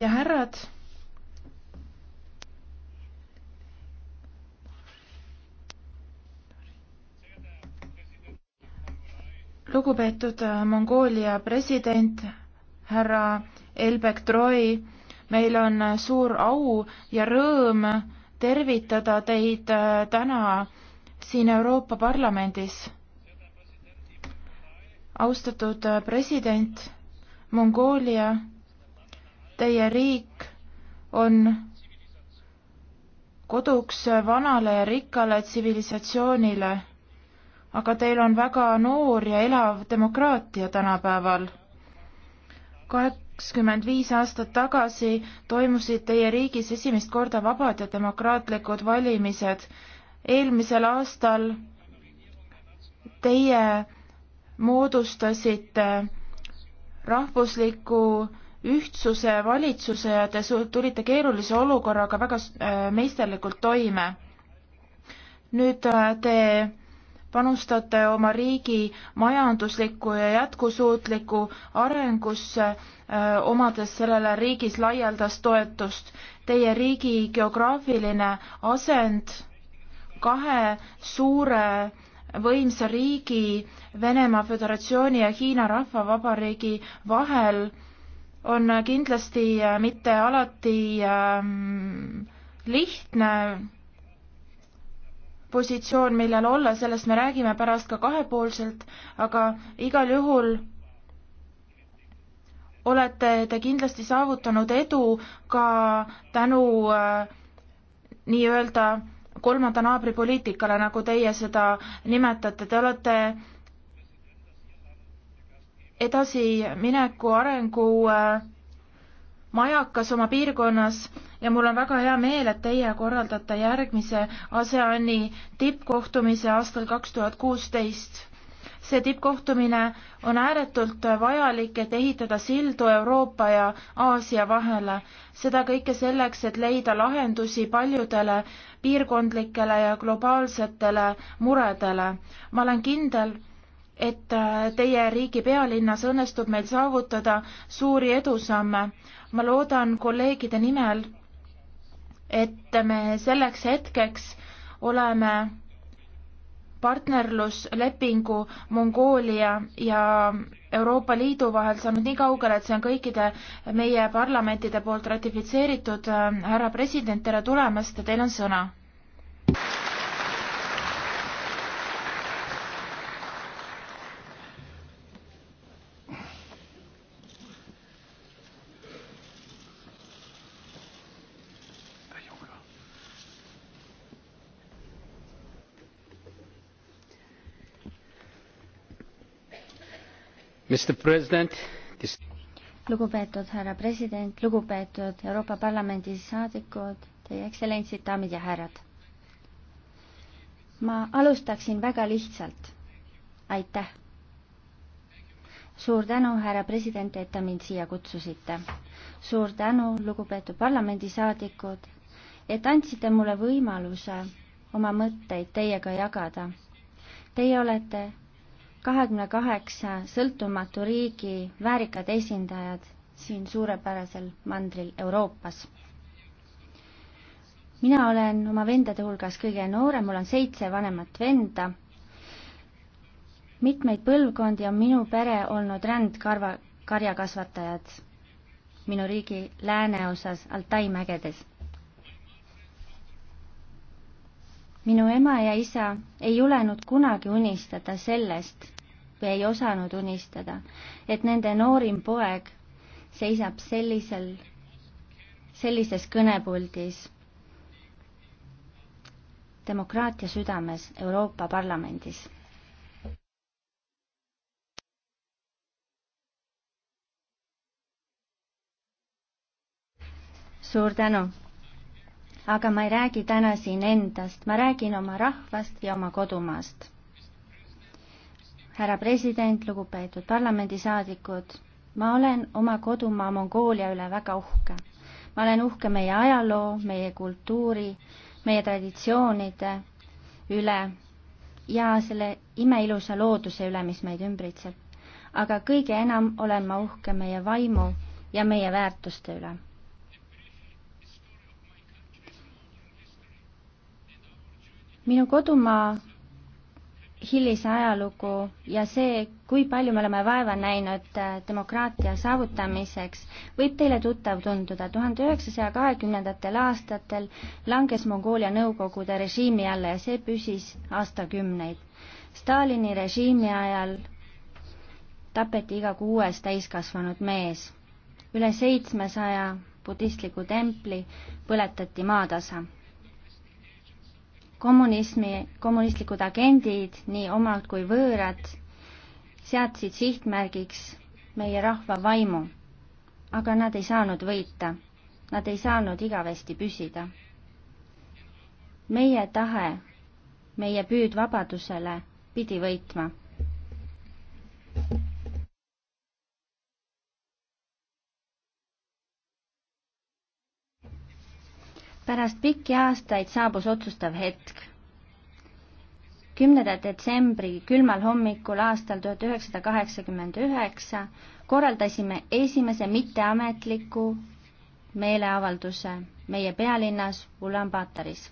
ja härrad. lugupeetud äh, Mongoolia president härra Elbek Troi, meil on äh, suur au ja rõõm tervitada teid äh, täna siin Euroopa Parlamendis. austatud president, Mongoolia Teie riik on koduks vanale ja rikkale tsivilisatsioonile, aga teil on väga noor ja elav demokraatia tänapäeval. kakskümmend viis aastat tagasi toimusid teie riigis esimest korda vabad ja demokraatlikud valimised. eelmisel aastal teie moodustasite rahvusliku ühtsuse valitsuse ja te tulite keerulise olukorraga väga äh, meisterlikult toime. nüüd äh, te panustate oma riigi majanduslikku ja jätkusuutlikku arengusse, äh, omades sellele riigis laialdast toetust. Teie riigi geograafiline asend kahe suure võimsa riigi, Venemaa Föderatsiooni ja Hiina Rahvavabariigi vahel on kindlasti äh, mitte alati ähm, lihtne positsioon, millel olla, sellest me räägime pärast ka kahepoolselt, aga igal juhul olete te kindlasti saavutanud edu ka tänu äh, nii-öelda kolmanda naabri poliitikale, nagu teie seda nimetate, te olete edasimineku arengu äh, majakas oma piirkonnas ja mul on väga hea meel, et teie korraldate järgmise ASEAN-i tippkohtumise aastal kaks tuhat kuusteist. see tippkohtumine on ääretult vajalik, et ehitada sildu Euroopa ja Aasia vahele. seda kõike selleks, et leida lahendusi paljudele piirkondlikele ja globaalsetele muredele. ma olen kindel, et äh, teie riigi pealinnas õnnestub meil saavutada suuri edusamme. ma loodan kolleegide nimel, et me selleks hetkeks oleme partnerluslepingu Mongoolia ja Euroopa Liidu vahel saanud nii kaugele, et see on kõikide meie parlamentide poolt ratifitseeritud. Äh, härra president, tere tulemast ja teil on sõna This... lugupeetud härra president, lugupeetud Euroopa Parlamendi saadikud, teie ekstsellentsid, daamid ja härrad. ma alustaksin väga lihtsalt. aitäh. suur tänu, härra president, et te mind siia kutsusite. suur tänu, lugupeetud parlamendisaadikud, et andsite mulle võimaluse oma mõtteid teiega jagada. Teie olete kahekümne kaheksa sõltumatu riigi väärikad esindajad siin suurepärasel mandril Euroopas. mina olen oma vendade hulgas kõige noorem, mul on seitse vanemat venda. mitmeid põlvkondi on minu pere olnud rändkarva, karjakasvatajad minu riigi lääneosas Altai mägedes minu ema ja isa ei julenud kunagi unistada sellest, ei osanud unistada, et nende noorim poeg seisab sellisel, sellises kõnepuldis demokraatia südames Euroopa Parlamendis. suur tänu! aga ma ei räägi täna siin endast, ma räägin oma rahvast ja oma kodumaast härra president, lugupeetud parlamendisaadikud, ma olen oma kodumaa Mongoolia üle väga uhke. ma olen uhke meie ajaloo, meie kultuuri, meie traditsioonide üle ja selle imeilusa looduse üle, mis meid ümbritseb. aga kõige enam olen ma uhke meie vaimu ja meie väärtuste üle minu kodumaa hilise ajalugu ja see, kui palju me oleme vaeva näinud äh, demokraatia saavutamiseks, võib teile tuttav tunduda. tuhande üheksasaja kahekümnendatel aastatel langes Mongoolia Nõukogude režiimi alla ja see püsis aastakümneid. Stalini režiimi ajal tapeti iga kuues täiskasvanud mees. üle seitsmesaja budistliku templi põletati maatasa kommunismi, kommunistlikud agendid, nii omad kui võõrad, seadsid sihtmärgiks meie rahva vaimu. aga nad ei saanud võita, nad ei saanud igavesti püsida. meie tahe, meie püüd vabadusele pidi võitma pärast pikki aastaid saabus otsustav hetk. kümnenda detsembri külmal hommikul aastal tuhat üheksasada kaheksakümmend üheksa korraldasime esimese mitteametliku meeleavalduse meie pealinnas Ulaanbaataris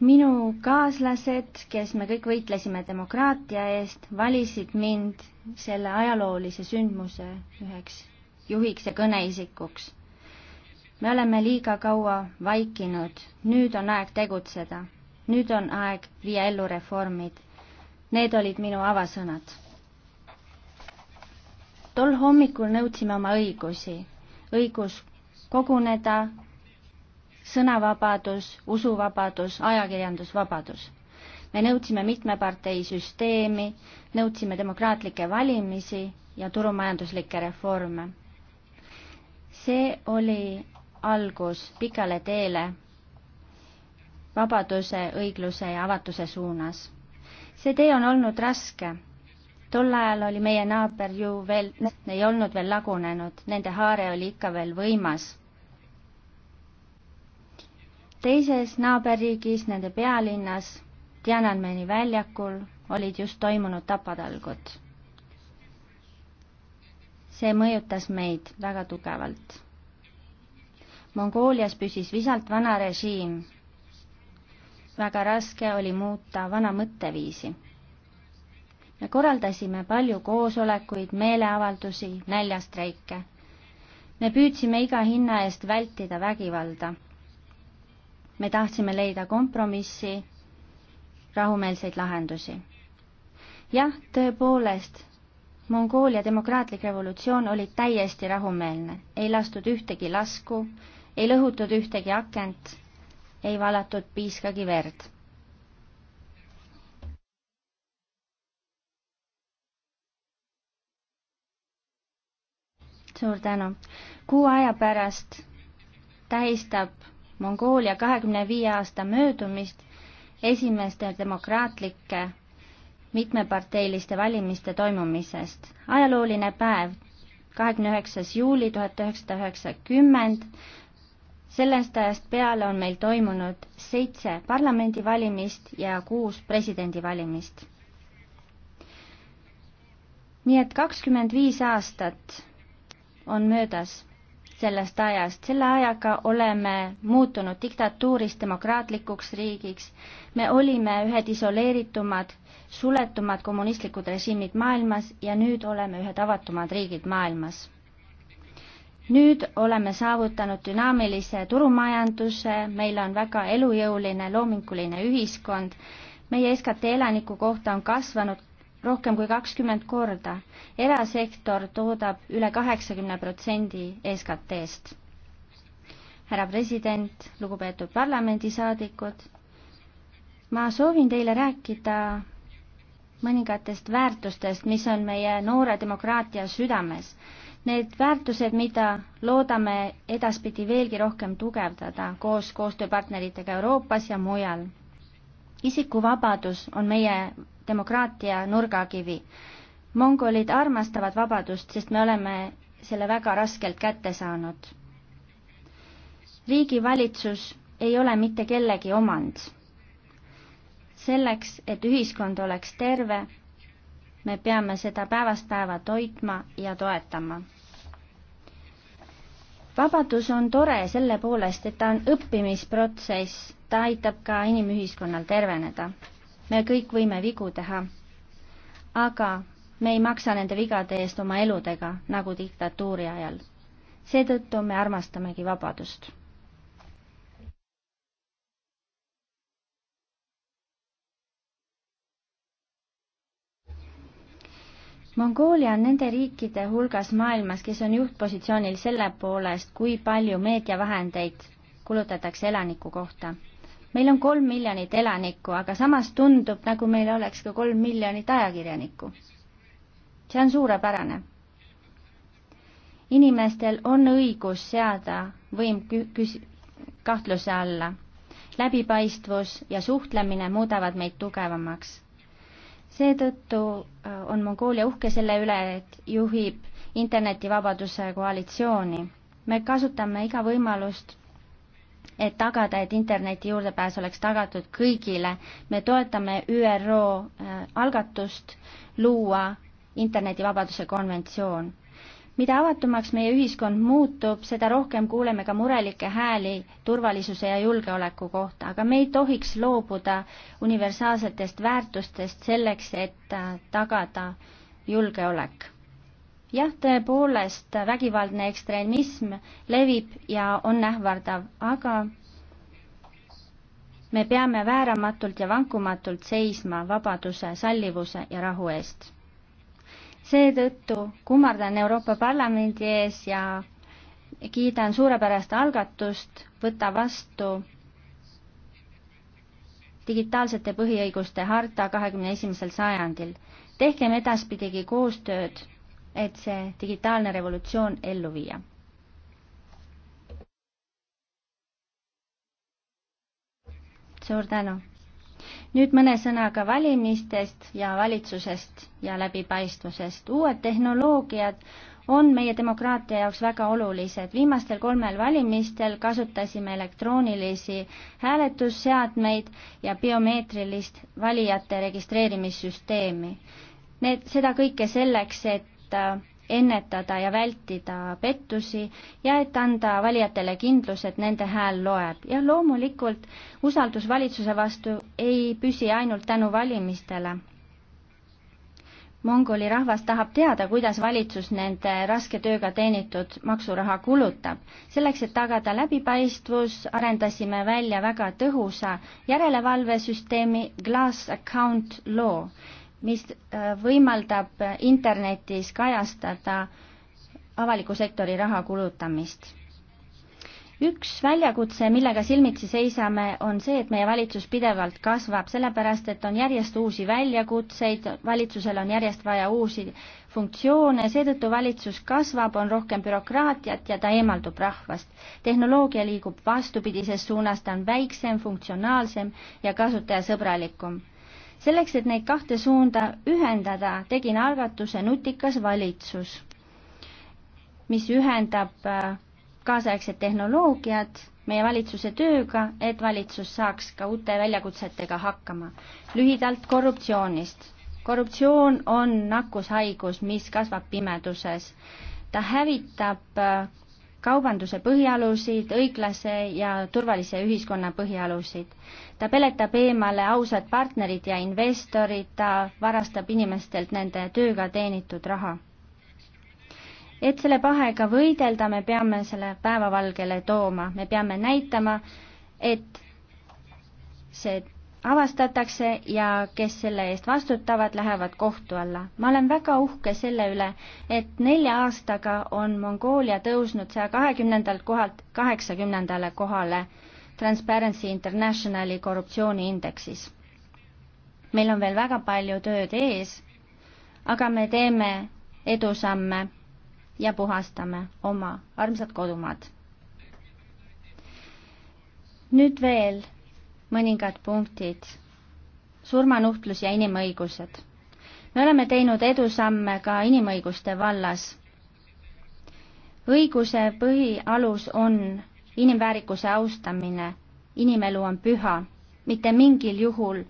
minu kaaslased, kes me kõik võitlesime demokraatia eest, valisid mind selle ajaloolise sündmuse üheks juhiks ja kõneisikuks me oleme liiga kaua vaikinud, nüüd on aeg tegutseda. nüüd on aeg viia ellu reformid. Need olid minu avasõnad. tol hommikul nõudsime oma õigusi, õigus koguneda, sõnavabadus, usuvabadus, ajakirjandusvabadus me nõudsime mitmeparteisüsteemi, nõudsime demokraatlikke valimisi ja turumajanduslikke reforme. see oli algus pikale teele vabaduse, õigluse ja avatuse suunas. see tee on olnud raske. tol ajal oli meie naaber ju veel, ei olnud veel lagunenud, nende haare oli ikka veel võimas. teises naaberriigis, nende pealinnas, Tiananmeni väljakul, olid just toimunud tapatalgud. see mõjutas meid väga tugevalt Mongoolias püsis visalt vana režiim. väga raske oli muuta vana mõtteviisi. me korraldasime palju koosolekuid, meeleavaldusi, näljastreike. me püüdsime iga hinna eest vältida vägivalda. me tahtsime leida kompromissi, rahumeelseid lahendusi. jah, tõepoolest Mongoolia demokraatlik revolutsioon oli täiesti rahumeelne, ei lastud ühtegi lasku, ei lõhutud ühtegi akent, ei valatud piiskagi verd. suur tänu. kuu aja pärast tähistab Mongoolia kahekümne viie aasta möödumist esimeste demokraatlike mitmeparteiliste valimiste toimumisest. ajalooline päev, kahekümne üheksas juuli tuhat üheksasada üheksakümmend sellest ajast peale on meil toimunud seitse parlamendivalimist ja kuus presidendivalimist. nii et kakskümmend viis aastat on möödas sellest ajast. selle ajaga oleme muutunud diktatuurist demokraatlikuks riigiks. me olime ühed isoleeritumad, suletumad kommunistlikud režiimid maailmas ja nüüd oleme ühed avatumad riigid maailmas nüüd oleme saavutanud dünaamilise turumajanduse, meil on väga elujõuline loominguline ühiskond, meie SKT elaniku kohta on kasvanud rohkem kui kakskümmend korda, erasektor toodab üle kaheksakümne protsendi SKT-st. härra president, lugupeetud parlamendisaadikud, ma soovin teile rääkida mõningatest väärtustest, mis on meie noore demokraatia südames Need väärtused, mida loodame edaspidi veelgi rohkem tugevdada koos koostööpartneritega Euroopas ja mujal. isikuvabadus on meie demokraatia nurgakivi. mongolid armastavad vabadust, sest me oleme selle väga raskelt kätte saanud. riigivalitsus ei ole mitte kellegi omand selleks, et ühiskond oleks terve, me peame seda päevast päeva toitma ja toetama. vabadus on tore selle poolest, et ta on õppimisprotsess, ta aitab ka inimühiskonnal terveneda. me kõik võime vigu teha, aga me ei maksa nende vigade eest oma eludega, nagu diktatuuri ajal. seetõttu me armastamegi vabadust Mongoolia on nende riikide hulgas maailmas, kes on juhtpositsioonil selle poolest, kui palju meediavahendeid kulutatakse elaniku kohta. meil on kolm miljonit elanikku, aga samas tundub, nagu meil oleks ka kolm miljonit ajakirjanikku. see on suurepärane. inimestel on õigus seada võim küs-, kahtluse alla. läbipaistvus ja suhtlemine muudavad meid tugevamaks seetõttu äh, on Mongoolia uhke selle üle, et juhib internetivabaduse koalitsiooni. me kasutame iga võimalust, et tagada, et interneti juurdepääs oleks tagatud kõigile. me toetame ÜRO äh, algatust luua internetivabaduse konventsioon mida avatumaks meie ühiskond muutub, seda rohkem kuuleme ka murelikke hääli turvalisuse ja julgeoleku kohta, aga me ei tohiks loobuda universaalsetest väärtustest selleks, et äh, tagada julgeolek. jah, tõepoolest, vägivaldne ekstremism levib ja on ähvardav, aga me peame vääramatult ja vankumatult seisma vabaduse, sallivuse ja rahu eest seetõttu kummardan Euroopa Parlamendi ees ja kiidan suurepärast algatust võtta vastu digitaalsete põhiõiguste harta kahekümne esimesel sajandil. tehkem edaspidigi koostööd, et see digitaalne revolutsioon ellu viia. suur tänu nüüd mõne sõnaga valimistest ja valitsusest ja läbipaistvusest. uued tehnoloogiad on meie demokraatia jaoks väga olulised. viimastel kolmel valimistel kasutasime elektroonilisi hääletusseadmeid ja biomeetrilist valijate registreerimissüsteemi. Need, seda kõike selleks, et äh, ennetada ja vältida pettusi ja et anda valijatele kindlus, et nende hääl loeb. ja loomulikult usaldus valitsuse vastu ei püsi ainult tänu valimistele. Mongoli rahvas tahab teada, kuidas valitsus nende raske tööga teenitud maksuraha kulutab. selleks, et tagada läbipaistvus, arendasime välja väga tõhusa järelevalvesüsteemi Glass Account Law mis äh, võimaldab internetis kajastada avaliku sektori raha kulutamist. üks väljakutse, millega silmitsi seisame, on see, et meie valitsus pidevalt kasvab, sellepärast et on järjest uusi väljakutseid, valitsusel on järjest vaja uusi funktsioone, seetõttu valitsus kasvab, on rohkem bürokraatiat ja ta eemaldub rahvast. tehnoloogia liigub vastupidises suunas, ta on väiksem, funktsionaalsem ja kasutajasõbralikum selleks, et neid kahte suunda ühendada, tegin algatuse Nutikas valitsus, mis ühendab äh, kaasaegset tehnoloogiat meie valitsuse tööga, et valitsus saaks ka uute väljakutsetega hakkama. lühidalt korruptsioonist. korruptsioon on nakkushaigus, mis kasvab pimeduses. ta hävitab äh, kaubanduse põhialusid, õiglase ja turvalise ühiskonna põhialusid. ta peletab eemale ausad partnerid ja investorid, ta varastab inimestelt nende tööga teenitud raha. et selle pahega võidelda, me peame selle päevavalgele tooma, me peame näitama, et see avastatakse ja kes selle eest vastutavad, lähevad kohtu alla. ma olen väga uhke selle üle, et nelja aastaga on Mongoolia tõusnud saja kahekümnendalt kohalt kaheksakümnendale kohale Transparency Internationali korruptsiooniindeksis. meil on veel väga palju tööd ees, aga me teeme edusamme ja puhastame oma armsad kodumaad. nüüd veel mõningad punktid. surmanuhtlus ja inimõigused. me oleme teinud edusamme ka inimõiguste vallas. õiguse põhialus on inimväärikuse austamine, inimelu on püha, mitte mingil juhul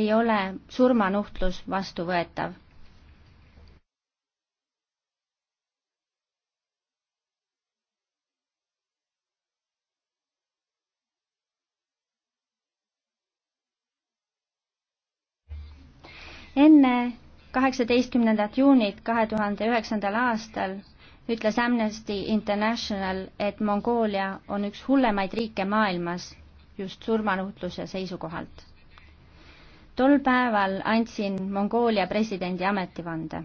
ei ole surmanuhtlus vastuvõetav enne kaheksateistkümnendat juunit kahe tuhande üheksandal aastal ütles Amnesty International, et Mongoolia on üks hullemaid riike maailmas just surmanuhtluse seisukohalt. tol päeval andsin Mongoolia presidendi ametivande.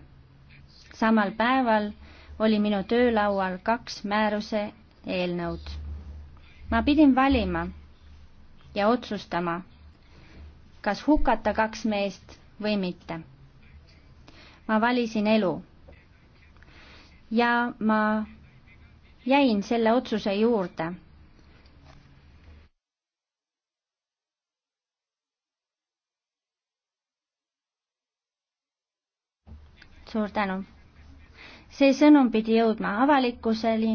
samal päeval oli minu töölaual kaks määruse eelnõud. ma pidin valima ja otsustama, kas hukata kaks meest või mitte. ma valisin elu. ja ma jäin selle otsuse juurde. suur tänu. see sõnum pidi jõudma avalikkuseni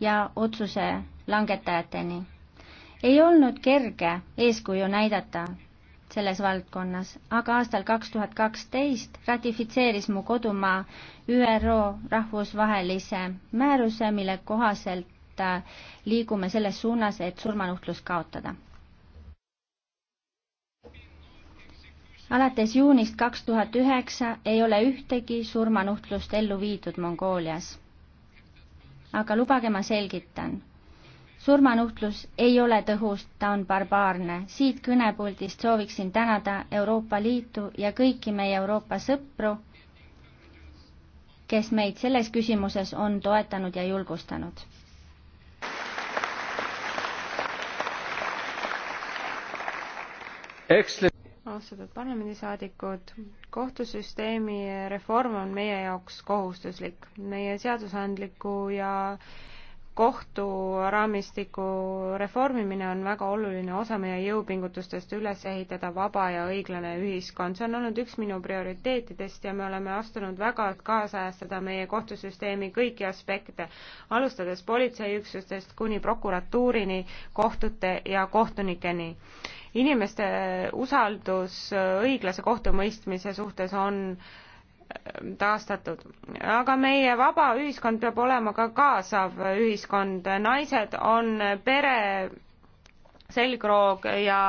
ja otsuse langetajateni. ei olnud kerge eeskuju näidata selles valdkonnas, aga aastal kaks tuhat kaksteist ratifitseeris mu kodumaa ÜRO rahvusvahelise määruse, mille kohaselt äh, liigume selles suunas, et surmanuhtlus kaotada. alates juunist kaks tuhat üheksa ei ole ühtegi surmanuhtlust ellu viidud Mongoolias. aga lubage, ma selgitan surmanuhtlus ei ole tõhus, ta on barbaarne. siit kõnepuldist sooviksin tänada Euroopa Liitu ja kõiki meie Euroopa sõpru, kes meid selles küsimuses on toetanud ja julgustanud. austatud parlamendisaadikud, kohtusüsteemi reform on meie jaoks kohustuslik. meie seadusandliku ja kohturaamistiku reformimine on väga oluline osa meie jõupingutustest üles ehitada vaba ja õiglane ühiskond. see on olnud üks minu prioriteetidest ja me oleme astunud väga, et kaasajastada meie kohtusüsteemi kõiki aspekte, alustades politseiüksustest kuni prokuratuurini, kohtute ja kohtunikeni inimeste usaldus õiglase kohtumõistmise suhtes on äh, taastatud. aga meie vaba ühiskond peab olema ka kaasav ühiskond, naised on pere selgroog ja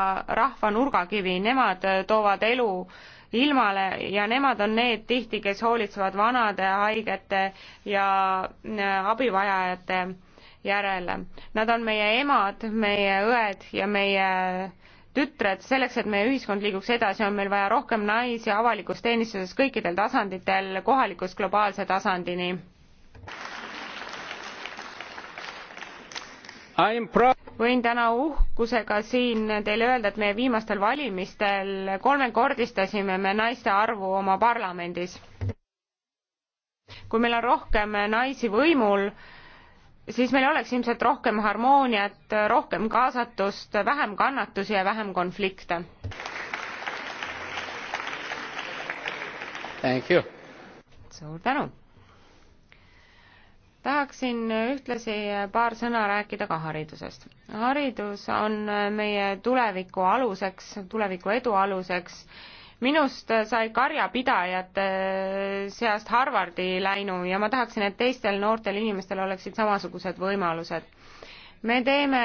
rahva nurgakivi, nemad toovad elu ilmale ja nemad on need tihti, kes hoolitsevad vanade, haigete ja äh, abivajajate järele. Nad on meie emad, meie õed ja meie tütred, selleks, et meie ühiskond liiguks edasi, on meil vaja rohkem naisi avalikus teenistuses kõikidel tasanditel, kohalikust globaalse tasandini. võin täna uhkusega siin teile öelda, et meie viimastel valimistel kolmekordistasime me naiste arvu oma parlamendis. kui meil on rohkem naisi võimul, siis meil oleks ilmselt rohkem harmooniat, rohkem kaasatust, vähem kannatusi ja vähem konflikte. suur tänu. tahaksin ühtlasi paar sõna rääkida ka haridusest. haridus on meie tuleviku aluseks, tuleviku edu aluseks minust sai karjapidajate seast Harvardi läinu ja ma tahaksin, et teistel noortel inimestel oleksid samasugused võimalused me teeme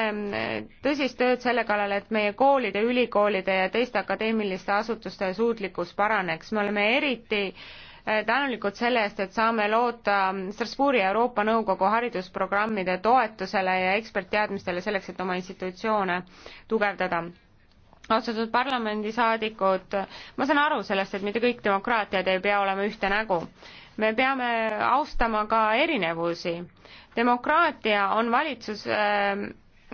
tõsist tööd selle kallal, et meie koolide, ülikoolide ja teiste akadeemiliste asutuste suutlikkus paraneks, me oleme eriti eh, tänulikud selle eest, et saame loota Strasbourgi Euroopa Nõukogu haridusprogrammide toetusele ja ekspertteadmistele selleks, et oma institutsioone tugevdada austatud parlamendisaadikud, ma saan aru sellest, et mitte kõik demokraatiad ei pea olema ühte nägu. me peame austama ka erinevusi. demokraatia on valitsus äh,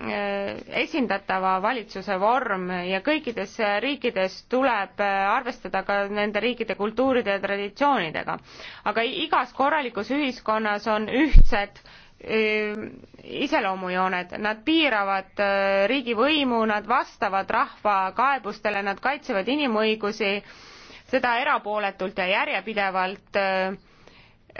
äh esindatava valitsuse vorm ja kõikides riikides tuleb äh, arvestada ka nende riikide kultuuride ja traditsioonidega. aga igas korralikus ühiskonnas on ühtsed Eh, iseloomujooned, nad piiravad eh, riigivõimu, nad vastavad rahva kaebustele, nad kaitsevad inimõigusi, seda erapooletult ja järjepidevalt eh,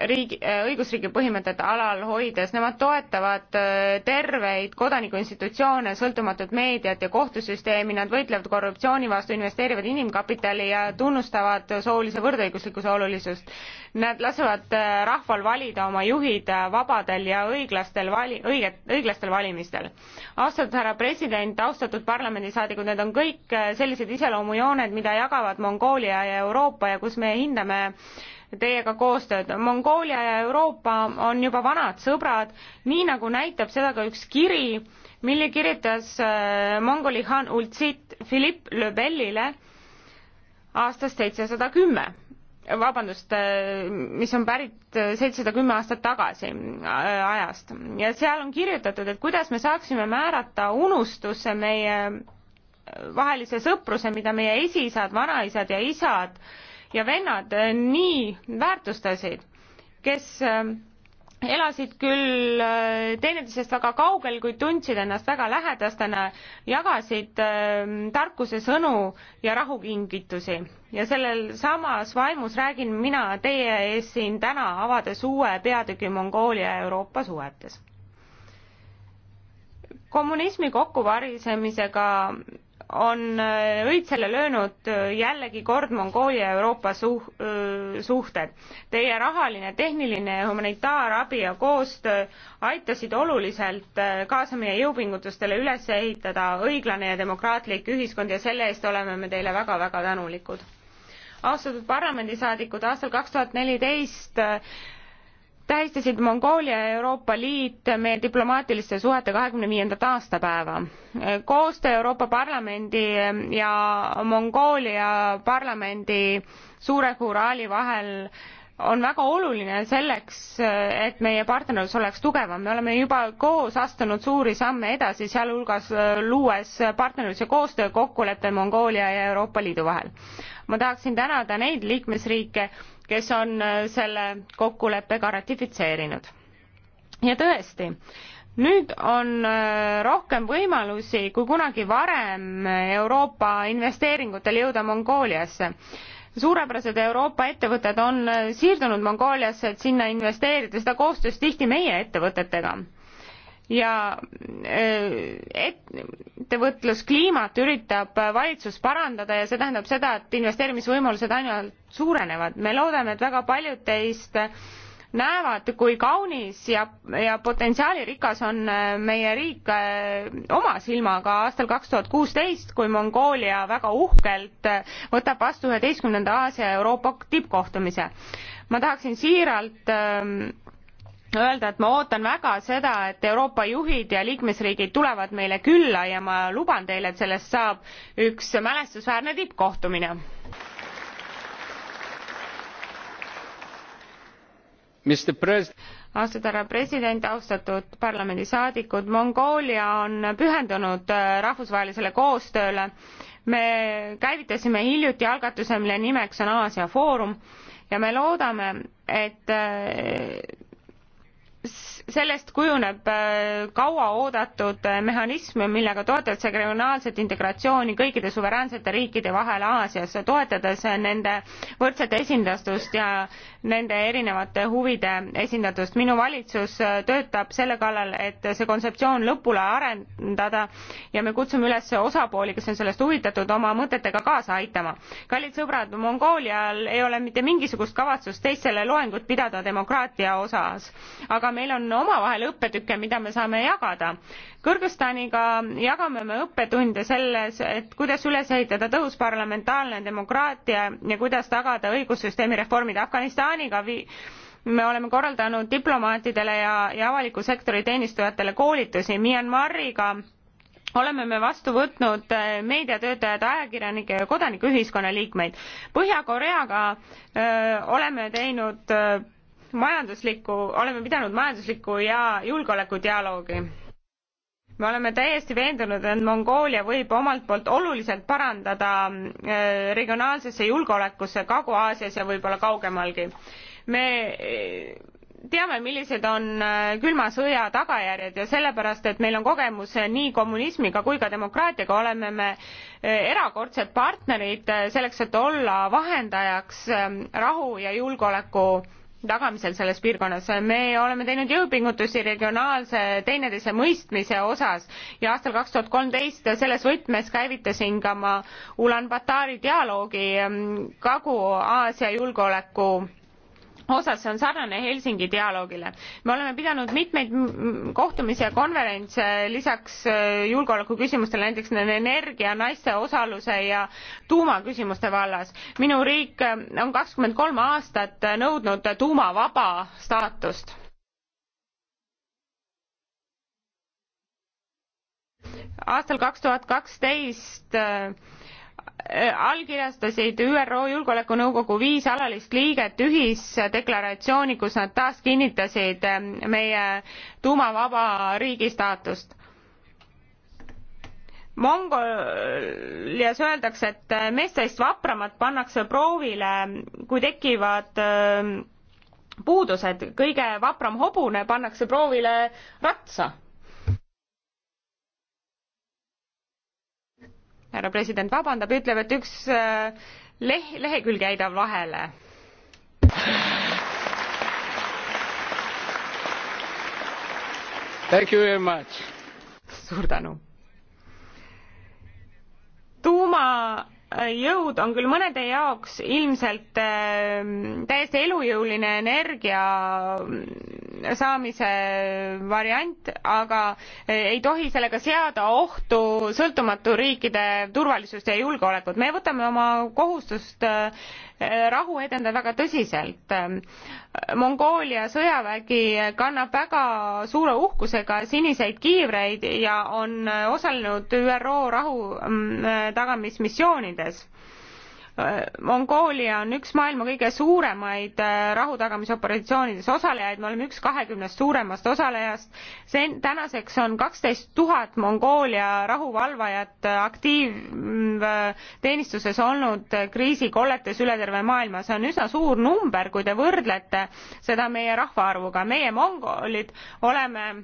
riigi, äh, õigusriigi põhimõtet alal hoides, nemad toetavad äh, terveid kodanikuinstitutsioone, sõltumatut meediat ja kohtusüsteemi, nad võitlevad korruptsiooni vastu, investeerivad inimkapitali ja tunnustavad soolise võrdõiguslikkuse olulisust. Nad lasevad äh, rahval valida oma juhid vabadel ja õiglastel vali-, õiget, õiglastel valimistel. austatud härra president, austatud parlamendisaadikud, need on kõik sellised iseloomujooned, mida jagavad Mongoolia ja Euroopa ja kus me hindame teiega koostööd. Mongoolia ja Euroopa on juba vanad sõbrad, nii nagu näitab seda ka üks kiri, mille kirjutas äh, Mongoli Han Ultsit Philippe Le Bellile aastast seitsesada kümme vabandust, äh, mis on pärit äh, seitsesada kümme aastat tagasi ajast ja seal on kirjutatud, et kuidas me saaksime määrata unustusse meie vahelise sõpruse, mida meie esiisad, vanaisad ja isad äh, ja vennad eh, nii väärtustasid, kes eh, elasid küll eh, teineteisest väga kaugel, kuid tundsid ennast väga lähedastena, jagasid tarkuse sõnu ja rahukingitusi. ja sellel samas vaimus räägin mina teie ees siin täna, avades uue peatüki Mongoolia ja Euroopa suhetes. kommunismi kokkuvarisemisega on äh, õitsele löönud äh, jällegi kord Mongoolia ja Euroopa suh-, äh, suhted. Teie rahaline, tehniline ja humanitaarabi ja koostöö aitasid oluliselt kaasa meie jõupingutustele üles ehitada õiglane ja demokraatlik ühiskond ja selle eest oleme me teile väga-väga tänulikud. austatud parlamendisaadikud, aastal kaks tuhat neliteist tähistasid Mongoolia ja Euroopa Liit meie diplomaatiliste suhete kahekümne viiendat aastapäeva. koostöö Euroopa Parlamendi ja Mongoolia parlamendi suure huraali vahel on väga oluline selleks, et meie partnerlus oleks tugevam. me oleme juba koos astunud suuri samme edasi, sealhulgas luues partnerluse koostöökokkuleppe Mongoolia ja Euroopa Liidu vahel. ma tahaksin tänada neid liikmesriike, kes on äh, selle kokkuleppe ka ratifitseerinud. ja tõesti, nüüd on äh, rohkem võimalusi kui kunagi varem Euroopa investeeringutel jõuda Mongooliasse suurepärased Euroopa ettevõtted on äh, siirdunud Mongooliasse, et sinna investeerida, seda koostöös tihti meie ettevõtetega. ja et ettevõtluskliimat üritab valitsus parandada ja see tähendab seda, et investeerimisvõimalused ainult suurenevad. me loodame, et väga paljud teist näevad, kui kaunis ja, ja potentsiaalirikas on meie riik äh, oma silmaga aastal kaks tuhat kuusteist, kui Mongoolia väga uhkelt võtab vastu üheteistkümnenda Aasia Euroopa tippkohtumise. ma tahaksin siiralt ähm, öelda, et ma ootan väga seda, et Euroopa juhid ja liikmesriigid tulevad meile külla ja ma luban teile, et sellest saab üks mälestusväärne tippkohtumine. austatud härra president, austatud parlamendisaadikud, Mongoolia on pühendunud äh, rahvusvahelisele koostööle. me käivitasime hiljuti algatuse, mille nimeks on Aasia Foorum ja me loodame, et äh, sellest kujuneb äh, kauaoodatud äh, mehhanism, millega toetatakse regionaalset integratsiooni kõikide suveräänsete riikide vahel Aasias, toetades nende võrdset esindatust ja nende erinevate huvide esindatust. minu valitsus äh, töötab selle kallal, et see kontseptsioon lõpule arendada ja me kutsume üles osapooli, kes on sellest huvitatud, oma mõtetega kaasa aitama. kallid sõbrad, Mongoolial ei ole mitte mingisugust kavatsust teistele loengut pidada demokraatia osas, aga meil on omavahel õppetükke, mida me saame jagada. Kõrgõzstaniga jagame me õppetunde selles, et kuidas üles ehitada tõhus parlamentaarne demokraatia ja kuidas tagada õigussüsteemi reformid Afganistaniga vi- me oleme korraldanud diplomaatidele ja, ja avaliku sektori teenistujatele koolitusi Myanmariga oleme me vastu võtnud äh, meediatöötajad, ajakirjanikke ja kodanikuühiskonna liikmeid. Põhja-Koreaga öö, äh, oleme teinud öö, äh, majanduslikku, oleme pidanud majanduslikku ja julgeolekudialoogi. me oleme täiesti veendunud, et Mongoolia võib omalt poolt oluliselt parandada äh, regionaalsesse julgeolekusse Kagu-Aasias ja võib-olla kaugemalgi. me äh, teame, millised on äh, külma sõja tagajärjed ja sellepärast, et meil on kogemus nii kommunismiga kui ka demokraatiaga, oleme me erakordsed partnerid selleks, et olla vahendajaks rahu ja julgeoleku tagamisel selles piirkonnas. me oleme teinud jõupingutusi regionaalse teineteise mõistmise osas ja aastal kaks tuhat kolmteist selles võtmes käivitasin ka ma Ulan Batari dialoogi mm, Kagu-Aasia julgeoleku osas see on sarnane Helsingi dialoogile. me oleme pidanud mitmeid kohtumisi ja konverentse lisaks äh, julgeolekuküsimustele, näiteks energia, naiste osaluse ja tuumaküsimuste vallas. minu riik äh, on kakskümmend kolm aastat nõudnud tuumavaba staatust. aastal kaks tuhat kaksteist äh, allkirjastasid ÜRO Julgeolekunõukogu viis alalist liiget ühisdeklaratsiooni, kus nad taas kinnitasid ähm, meie tuumavaba riigi staatust. Mongolias öeldakse, et äh, meestest vapramad pannakse proovile, kui tekivad ähm, puudused, kõige vapram hobune pannakse proovile ratsa härra president vabandab, ütleb, et üks äh, leh-, lehekülg jäi tal vahele. Thank you very much. suur tänu. tuumajõud on küll mõnede jaoks ilmselt äh, täiesti elujõuline energia saamise variant, aga eh, ei tohi sellega seada ohtu sõltumatu riikide turvalisust ja julgeolekut. me võtame oma kohustust eh, rahu edendada väga tõsiselt. Mongoolia sõjavägi kannab väga suure uhkusega siniseid kiivreid ja on osalenud ÜRO rahu mm, tagamismissioonides Mongoolia on üks maailma kõige suuremaid äh, rahutagamisoperatsioonides osalejaid, me oleme üks kahekümnest suuremast osalejast. see, tänaseks on kaksteist tuhat Mongoolia rahuvalvajat äh, aktiivteenistuses olnud äh, kriisikolletes üle terve maailma, see on üsna suur number, kui te võrdlete seda meie rahvaarvuga. meie mongolid oleme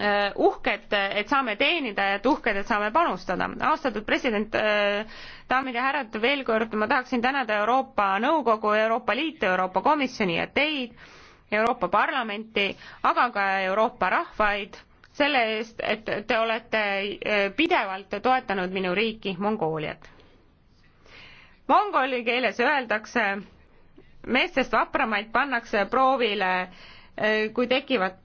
Äh, uhked, et saame teenida ja et uhked, et saame panustada. austatud president, äh, daamid ja härrad, veel kord ma tahaksin tänada Euroopa Nõukogu, Euroopa Liitu, Euroopa Komisjoni ja teid, Euroopa Parlamenti, aga ka Euroopa rahvaid selle eest, et te olete äh, pidevalt toetanud minu riiki, Mongooliat. Mongoli keeles öeldakse, meestest vapramaid pannakse proovile, kui tekivad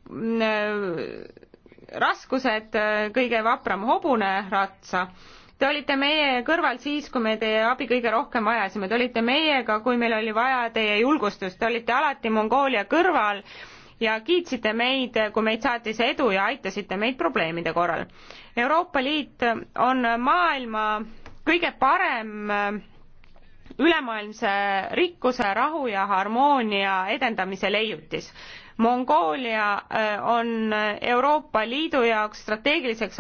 raskused, äh, kõige vapram hobune ratsa. Te olite meie kõrval siis, kui me teie abi kõige rohkem vajasime, te olite meiega, kui meil oli vaja teie julgustust, te olite alati Mongoolia kõrval ja kiitsite meid, kui meid saatis edu ja aitasite meid probleemide korral. Euroopa Liit on maailma kõige parem äh, ülemaailmse rikkuse, rahu ja harmoonia edendamise leiutis. Mongoolia äh, on Euroopa Liidu jaoks strateegiliseks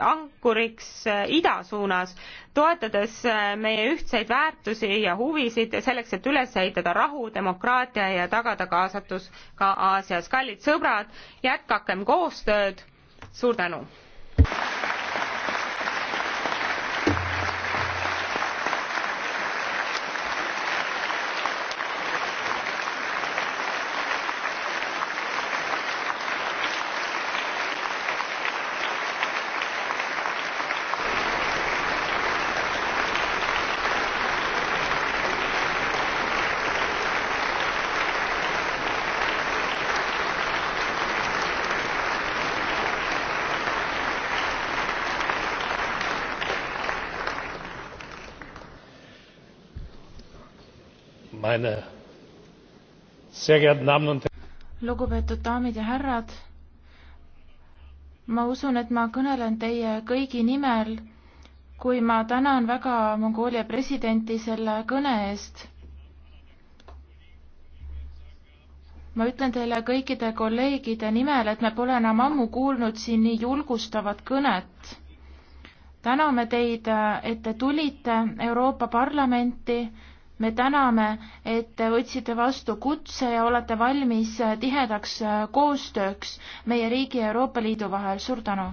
ankuriks äh, ida suunas, toetades äh, meie ühtseid väärtusi ja huvisid selleks, et üles ehitada rahu, demokraatia ja tagada kaasatus ka Aasias. kallid sõbrad, jätkakem koostööd, suur tänu! meine sehr geehrten Damen und Herren! lugupeetud daamid ja härrad, ma usun, et ma kõnelen teie kõigi nimel, kui ma tänan väga Mongoolia presidenti selle kõne eest. ma ütlen teile kõikide kolleegide nimel, et me pole enam ammu kuulnud siin nii julgustavat kõnet täname teid, et te tulite Euroopa Parlamenti me täname, et te võtsite vastu kutse ja olete valmis tihedaks äh, koostööks meie riigi ja Euroopa Liidu vahel. suur tänu!